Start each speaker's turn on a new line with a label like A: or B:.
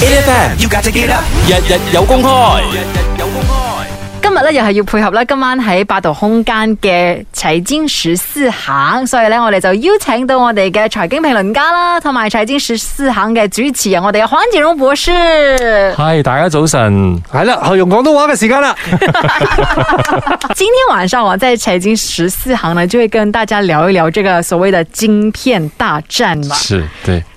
A: A.F.M. y o 日日有公開，
B: 今日咧又係要配合啦。今晚喺百度空間嘅財經十四行，所以咧我哋就邀請到我哋嘅財經評論家啦，同埋財經十四行嘅主持人，我哋嘅黃錦榮博士。
C: 係，大家早晨，係啦，後用廣東話嘅時間啦。
B: 今天晚上我喺財經十四行呢，就會跟大家聊一聊這個所謂的晶片大戰嘛。是
A: 對。